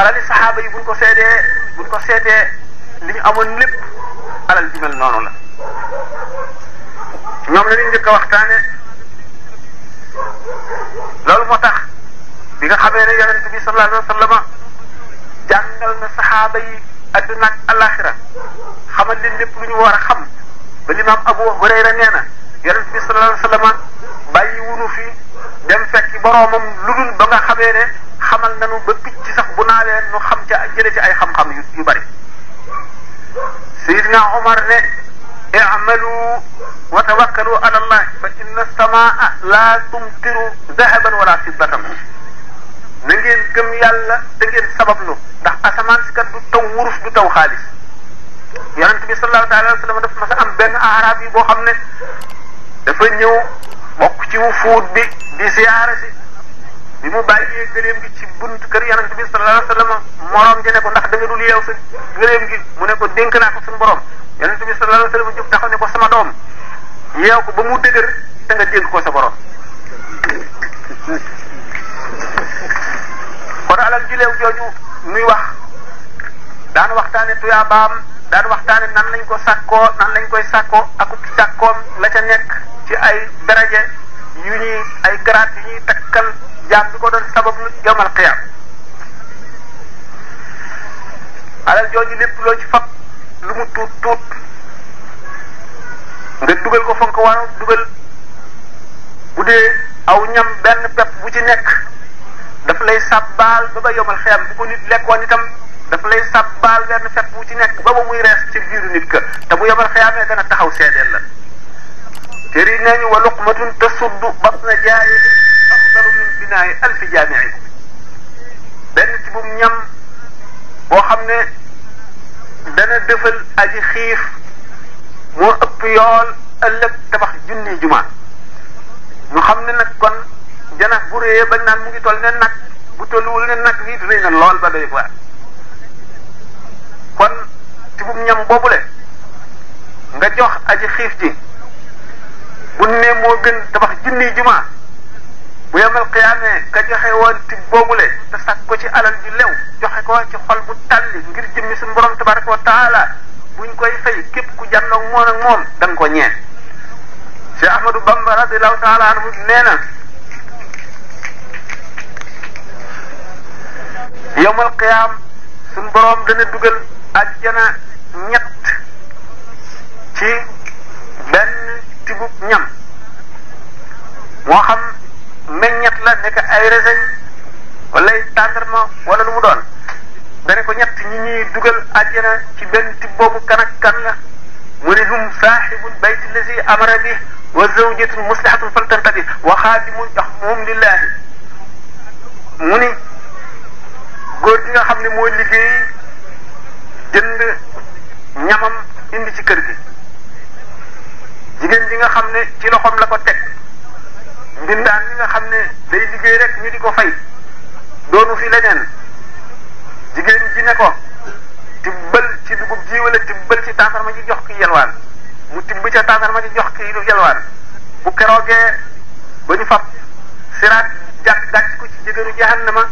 alali saxaaba yi buñ ko seetee buñ ko seetee li ñu amoon lépp alal ju mel noonu la ñoom la ñu njëkk waxtaane loolu moo tax bi nga xamee ne yonent bi sallallahu alayhi na saxaaba yi adduna ak alaxira xamal leen lépp lu ñu war a xam ba limaam Abu Hurayra nee na yonent bi sallallahu alayhi wa fi dem fekki boroomam lu dul ba nga xamee ne xamal nanu ba picc sax yóbbu naa leen ñu xam ca jële ci ay xam-xam yu yu bari sayidna omar ne i'malu wa tawakkalu ala allah fa inna samaa la tumtiru zahaban wala fiddatan na ngeen gëm yàlla da ngeen sabablu ndax asamaan si kat du taw wurus du taw xaalis yonent bi sallallahu taala alayhi wa sallam dafa mas a am benn arab yi boo xam ne dafa ñëw bokk ci wu fuut bi di ziyaara si bi mu bàyyee gëléem gi ci bunt kër yonent bi sallallahu alayhi wa sallam ko ndax da nga dul yeew sa gëléem gi mu ne ko dénk naa ko suñu borom yonent bi sallallahu ne ko sama doom yeew ko ba mu dëgër te nga dénk ko sa borom kon alal ji leew jooju muy wax daan waxtaane tuyaabaam daan waxtaane nan lañ ko sàkkoo nan lañ koy sàkkoo ak sàkkoom la ca nekk ci ay daraje yu ñuy ay garaat yu ñuy takkal jaam bi ko doon sabab lu yomal xiyaam alal ñu népp loo ci fab lu mu tuut tuut nga dugal ko fa nga ko war dugal bu dee aw ñam benn pepp bu ci nekk daf lay sàbbaal ba ba yomal xiyaam bu ko nit lekkoon itam daf lay sàbbaal benn pepp bu ci nekk ba ba muy rees ci biiru nit ka te bu yomal xiyaamee dana taxaw seedeel la. te rii nañu wa luqmatun tasuddu batna jaayi abnaai alfi jaamiin benn ci ñam boo xam ne dana defal aji xiif moo ëpp a ëllëg tabax junni jumaa ñu xam ne nag kon janax bu réyee bañ naan mu ngi toll ne nag bu tolluwul ne nag lii rëy na lool ba doy waar kon ci ñam ñam boobule nga jox aji xiif ji bu ne moo gën tabax junni jumaa yowmal qiyamé ka joxe woon ci boobule te sàkk ko ci alal ju lew joxe ko ci xol bu tàlli ngir jëmmi suñu borom tabaraka wa taala buñ koy fay képp ku jànnoog moom ak moom da nga ko ñee cheikh ahmadou bamba radiallahu taala anhu nee na yowmal qiyam sun borom dana dugal àjjana ñett ci benn tibuk ñam moo xam la nekk ay raisin wala tàndarma wala lu mu doon nga ko ñett ñi ñuy dugal àjjana ci benn tib boobu kan ak mu ne hum saaxibul bayti amara bi wa zawjatun muslihatun faltanta bi wa xaadimun taxmuhum lillahi mu ni góor gi nga xam ne mooy liggéey jënd ñamam indi ci kër gi jigéen ji nga xam ne ci loxoom la ko teg mbindaan mi nga xam ne day liggéey rek ñu di ko fay doonu fi leneen jigéen ji ne ko tibbal ci dugub ji wala tibbal ci tàndarma ji jox ki yelwaan mu tibb ca tàndarma ji jox ki yelwaan bu keroogee ba ñu fab siraat jàpp gàcc ko ci jëgëru jahannama